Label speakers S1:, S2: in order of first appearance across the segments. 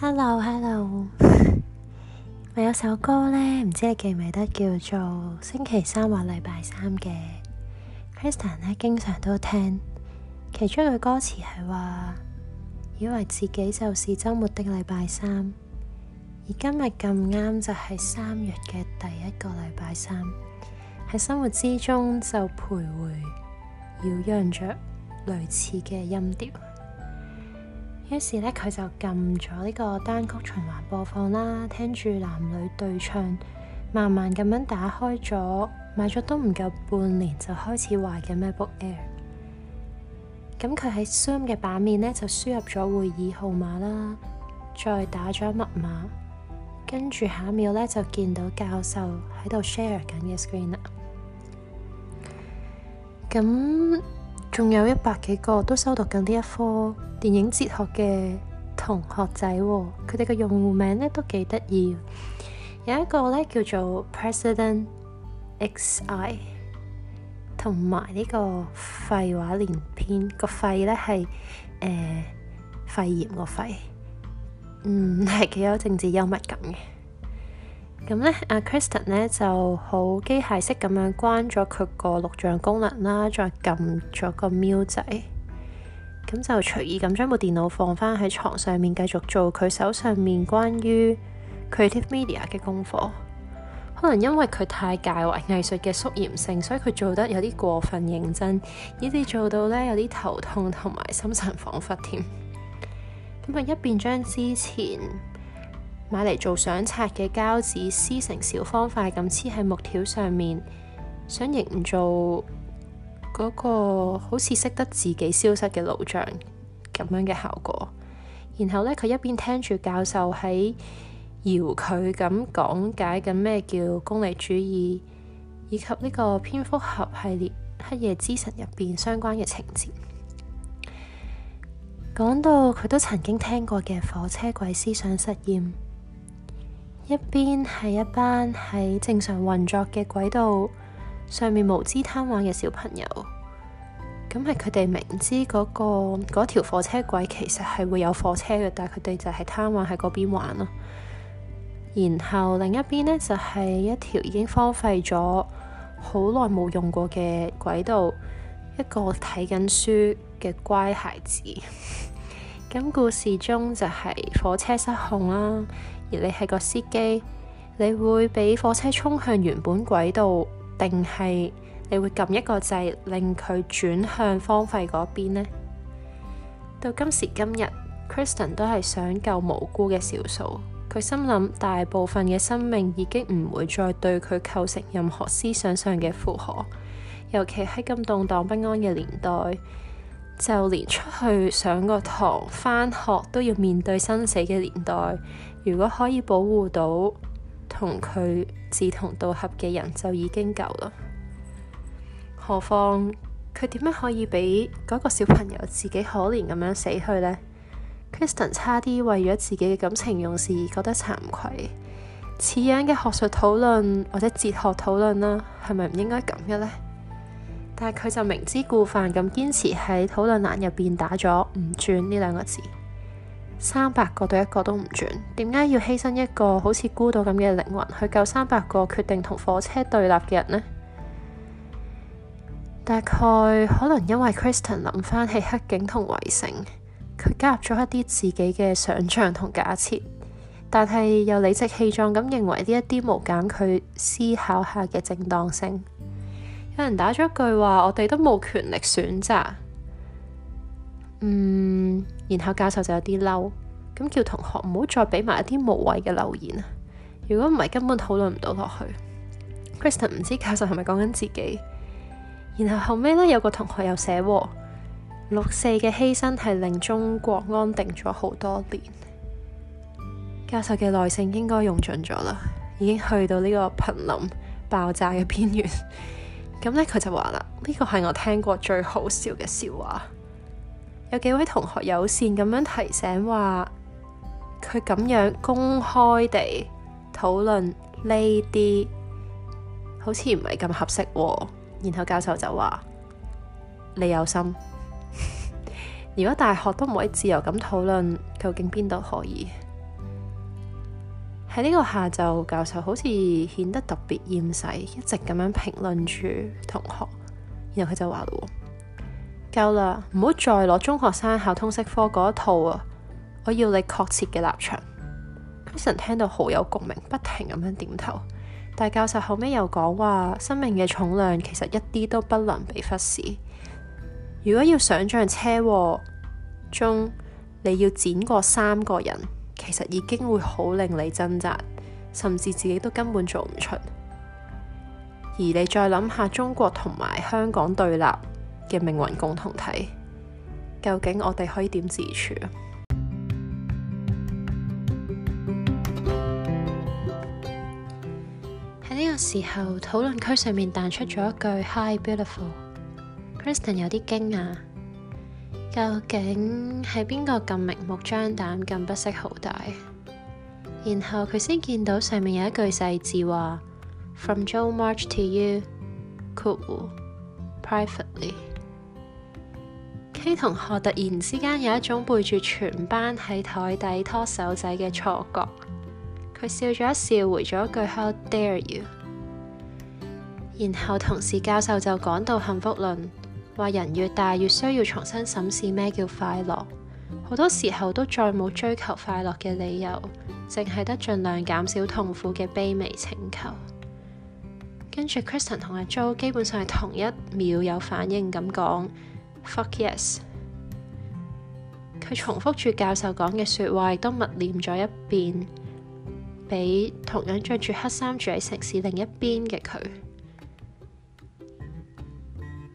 S1: Hello，Hello，hello. 我有首歌呢，唔知你記唔記得，叫做星期三或禮拜三嘅 Kristen 呢，經常都聽。其中句歌詞係話，以為自己就是周末的禮拜三，而今日咁啱就係三月嘅第一個禮拜三，喺生活之中就徘徊，繞揚着類似嘅音調。於是咧，佢就撳咗呢個單曲循環播放啦，聽住男女對唱，慢慢咁樣打開咗，買咗都唔夠半年，就開始壞嘅 MacBook Air。咁佢喺 Zoom 嘅版面咧就輸入咗會議號碼啦，再打咗密碼，跟住下一秒咧就見到教授喺度 share 緊嘅 screen 啦。咁仲有一百幾個都修讀緊呢一科電影哲學嘅同學仔喎、哦，佢哋嘅用戶名咧都幾得意，有一個咧叫做 President Xi，同埋呢個廢話連篇個廢咧係誒肺炎個肺，嗯係幾有政治幽默感嘅。咁咧，阿 Kristen 咧就好機械式咁樣關咗佢個錄像功能啦，再撳咗個 mute，咁就隨意咁將部電腦放翻喺床上面，繼續做佢手上面關於 Creative Media 嘅功課。可能因為佢太介懷藝術嘅肅嚴性，所以佢做得有啲過分認真，以至做到咧有啲頭痛同埋心神恍惚添。咁啊，一邊將之前，買嚟做相冊嘅膠紙，撕成小方塊咁，黐喺木條上面，想營造嗰個好似識得自己消失嘅路障咁樣嘅效果。然後呢，佢一邊聽住教授喺搖佢咁講解緊咩叫功利主義，以及呢個蝙蝠俠系列《黑夜之神》入邊相關嘅情節。講到佢都曾經聽過嘅火車軌思想實驗。一邊係一班喺正常運作嘅軌道上面無知貪玩嘅小朋友，咁係佢哋明知嗰、嗰條火車軌其實係會有火車嘅，但係佢哋就係貪玩喺嗰邊玩咯。然後另一邊呢，就係、是、一條已經荒廢咗好耐冇用過嘅軌道，一個睇緊書嘅乖孩子。咁 故事中就係火車失控啦、啊。你係個司機，你會俾火車衝向原本軌道，定係你會撳一個掣令佢轉向荒廢嗰邊呢？到今時今日，Kristen 都係想救無辜嘅少數。佢心諗大部分嘅生命已經唔會再對佢構成任何思想上嘅負荷，尤其喺咁動蕩不安嘅年代。就連出去上個堂、返學都要面對生死嘅年代，如果可以保護到同佢志同道合嘅人就已經夠啦。何況佢點樣可以俾嗰個小朋友自己可憐咁樣死去呢？Kristen 差啲為咗自己嘅感情用事而覺得慚愧，似樣嘅學術討論或者哲學討論啦，係咪唔應該咁嘅呢？但係佢就明知故犯咁堅持喺討論欄入邊打咗唔轉呢兩個字，三百個對一個都唔轉，點解要犧牲一個好似孤島咁嘅靈魂去救三百個決定同火車對立嘅人呢？大概可能因為 Kristen 諗翻起黑警同圍城，佢加入咗一啲自己嘅想象同假設，但係又理直氣壯咁認為呢一啲無減佢思考下嘅正當性。有人打咗一句話，我哋都冇權力選擇。嗯，然後教授就有啲嬲，咁叫同學唔好再俾埋一啲無謂嘅留言。如果唔係，根本討論唔到落去。Kristen 唔知教授係咪講緊自己？然后後尾呢，有個同學又寫六四嘅犧牲係令中國安定咗好多年。教授嘅耐性應該用盡咗啦，已經去到呢個瀕臨爆炸嘅邊緣。咁呢，佢就話啦，呢、呢個係我聽過最好笑嘅笑話。有幾位同學友善咁樣提醒話，佢咁樣公開地討論呢啲，好似唔係咁合適，哦。然後教授就話：你有心， 如果大學都唔可以自由咁討論，究竟邊度可以？喺呢個下晝，教授好似顯得特別厭世，一直咁樣評論住同學，然後佢就話：夠啦，唔好再攞中學生考通識科嗰一套啊！我要你確切嘅立場。Kristen 聽到好有共鳴，不停咁樣點頭。但教授後尾又講話：生命嘅重量其實一啲都不能被忽視。如果要想象車禍中，你要剪過三個人。其實已經會好令你掙扎，甚至自己都根本做唔出。而你再諗下中國同埋香港對立嘅命運共同體，究竟我哋可以點自處？喺呢個時候，討論區上面彈出咗一句 Hi, beautiful，Kristen 有啲驚訝。究竟係邊個咁明目張膽，咁不識好歹？然後佢先見到上面有一句細字話：From JoMarch to you，cool, privately。K 同學突然之間有一種背住全班喺台底拖手仔嘅錯覺。佢笑咗一笑，回咗句 How dare you？然後同時教授就講到幸福論。話人越大越需要重新審視咩叫快樂，好多時候都再冇追求快樂嘅理由，淨係得盡量減少痛苦嘅卑微請求。跟住 Kristen 同阿 Jo 基本上係同一秒有反應咁講 fuck yes。佢重複住教授講嘅說話，亦都默念咗一遍，俾同樣着住黑衫住喺城市另一邊嘅佢。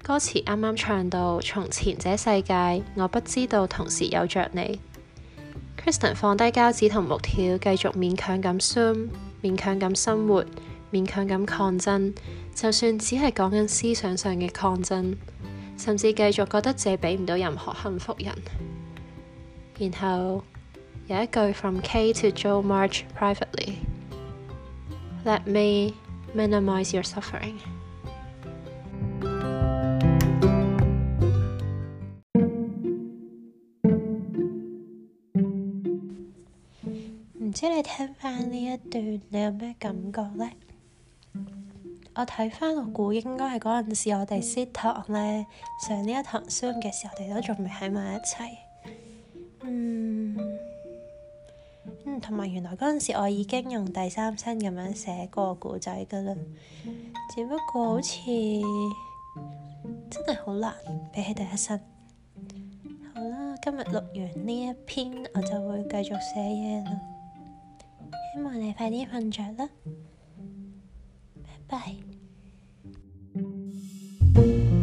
S1: 歌詞啱啱唱到從前這世界，我不知道同時有着你。Kristen 放低膠紙同木條，繼續勉強咁 zoom，勉強咁生活，勉強咁抗爭，就算只係講緊思想上嘅抗爭，甚至繼續覺得自己俾唔到任何幸福人。然後有一句 From K to Joe March privately，Let me minimise your suffering。唔知你聽翻呢一段，你有咩感覺呢？我睇翻個故應該係嗰陣時我，我哋 sit 堂咧上呢一堂書嘅、um、時候，我哋都仲未喺埋一齊。嗯，嗯，同埋原來嗰陣時，我已經用第三身咁樣寫過故仔噶啦。只不過好似真係好難，比起第一身。好啦，今日錄完呢一篇，我就會繼續寫嘢啦。希望你快啲瞓着啦，拜拜。